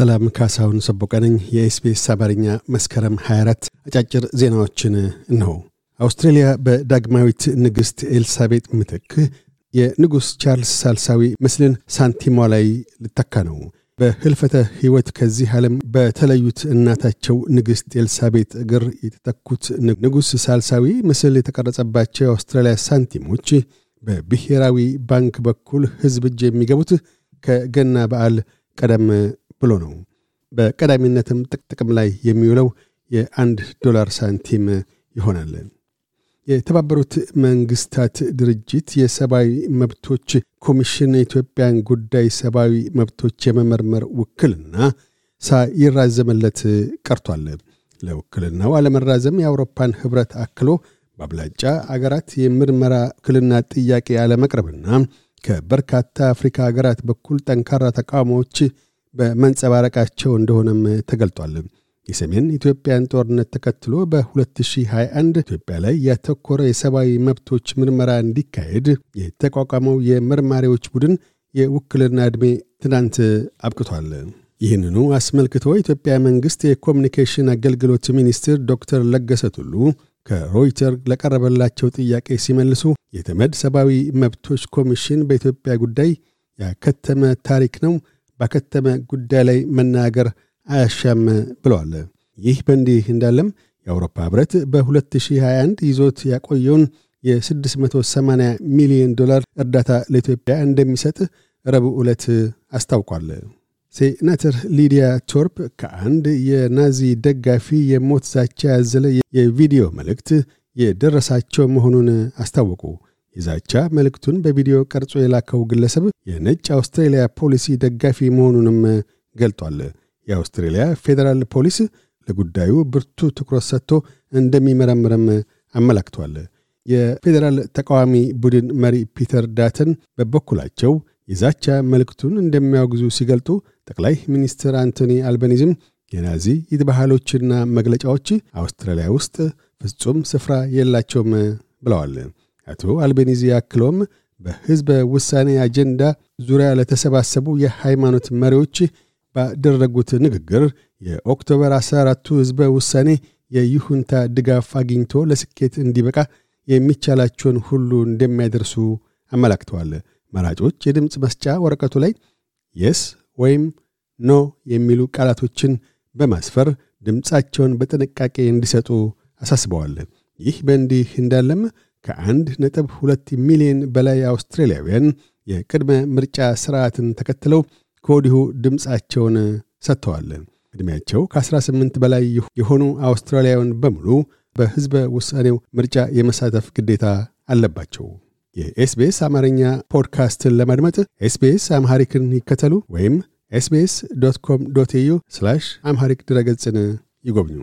ሰላም ካሳሁን ሰቦቀ ነኝ። የኤስቢኤስ አማርኛ መስከረም 24 አጫጭር ዜናዎችን ነው። አውስትሬልያ በዳግማዊት ንግሥት ኤልሳቤጥ ምትክ የንጉሥ ቻርልስ ሳልሳዊ ምስልን ሳንቲሟ ላይ ልተካ ነው። በህልፈተ ሕይወት ከዚህ ዓለም በተለዩት እናታቸው ንግሥት ኤልሳቤጥ እግር የተተኩት ንጉሥ ሳልሳዊ ምስል የተቀረጸባቸው የአውስትራሊያ ሳንቲሞች በብሔራዊ ባንክ በኩል ሕዝብ እጅ የሚገቡት ከገና በዓል ቀደም ብሎ ነው። በቀዳሚነትም ጥቅጥቅም ላይ የሚውለው የአንድ ዶላር ሳንቲም ይሆናል። የተባበሩት መንግስታት ድርጅት የሰብአዊ መብቶች ኮሚሽን የኢትዮጵያን ጉዳይ ሰብአዊ መብቶች የመመርመር ውክልና ሳይራዘምለት ቀርቷል። ለውክልናው አለመራዘም የአውሮፓን ህብረት አክሎ በአብላጫ አገራት የምርመራ ውክልና ጥያቄ አለመቅረብና ከበርካታ አፍሪካ አገራት በኩል ጠንካራ ተቃውሞዎች በመንጸባረቃቸው እንደሆነም ተገልጧል። የሰሜን ኢትዮጵያን ጦርነት ተከትሎ በ2021 ኢትዮጵያ ላይ ያተኮረ የሰብአዊ መብቶች ምርመራ እንዲካሄድ የተቋቋመው የመርማሪዎች ቡድን የውክልና ዕድሜ ትናንት አብቅቷል። ይህንኑ አስመልክቶ የኢትዮጵያ መንግሥት የኮሚኒኬሽን አገልግሎት ሚኒስትር ዶክተር ለገሰ ቱሉ ከሮይተር ለቀረበላቸው ጥያቄ ሲመልሱ የተመድ ሰብአዊ መብቶች ኮሚሽን በኢትዮጵያ ጉዳይ ያከተመ ታሪክ ነው ባከተመ ጉዳይ ላይ መናገር አያሻም ብለዋል። ይህ በእንዲህ እንዳለም የአውሮፓ ህብረት በ2021 ይዞት ያቆየውን የ680 ሚሊዮን ዶላር እርዳታ ለኢትዮጵያ እንደሚሰጥ ረቡዕ ዕለት አስታውቋል። ሴናተር ሊዲያ ቶርፕ ከአንድ የናዚ ደጋፊ የሞት ዛቻ ያዘለ የቪዲዮ መልእክት የደረሳቸው መሆኑን አስታወቁ። የዛቻ መልእክቱን በቪዲዮ ቀርጾ የላከው ግለሰብ የነጭ አውስትሬልያ ፖሊሲ ደጋፊ መሆኑንም ገልጧል። የአውስትሬልያ ፌዴራል ፖሊስ ለጉዳዩ ብርቱ ትኩረት ሰጥቶ እንደሚመረምርም አመላክቷል። የፌዴራል ተቃዋሚ ቡድን መሪ ፒተር ዳተን በበኩላቸው የዛቻ መልእክቱን እንደሚያወግዙ ሲገልጡ ጠቅላይ ሚኒስትር አንቶኒ አልበኒዝም የናዚ ይትባህሎችና መግለጫዎች አውስትራሊያ ውስጥ ፍጹም ስፍራ የላቸውም ብለዋል። አቶ አልቤኒዚ አክሎም በሕዝበ ውሳኔ አጀንዳ ዙሪያ ለተሰባሰቡ የሃይማኖት መሪዎች ባደረጉት ንግግር የኦክቶበር 14ቱ ሕዝበ ውሳኔ የይሁንታ ድጋፍ አግኝቶ ለስኬት እንዲበቃ የሚቻላቸውን ሁሉ እንደሚያደርሱ አመላክተዋል። መራጮች የድምፅ መስጫ ወረቀቱ ላይ የስ ወይም ኖ የሚሉ ቃላቶችን በማስፈር ድምፃቸውን በጥንቃቄ እንዲሰጡ አሳስበዋል። ይህ በእንዲህ እንዳለም ከአንድ ነጥብ ሁለት ሚሊዮን በላይ አውስትራሊያውያን የቅድመ ምርጫ ስርዓትን ተከትለው ከወዲሁ ድምፃቸውን ሰጥተዋል። ዕድሜያቸው ከ18 በላይ የሆኑ አውስትራሊያውያን በሙሉ በሕዝበ ውሳኔው ምርጫ የመሳተፍ ግዴታ አለባቸው። የኤስቤስ አማርኛ ፖድካስትን ለማድመጥ ኤስቤስ አምሐሪክን ይከተሉ ወይም ኤስቤስ ዶት ኮም ዶት ኤዩ አምሐሪክ ድረገጽን ይጎብኙ።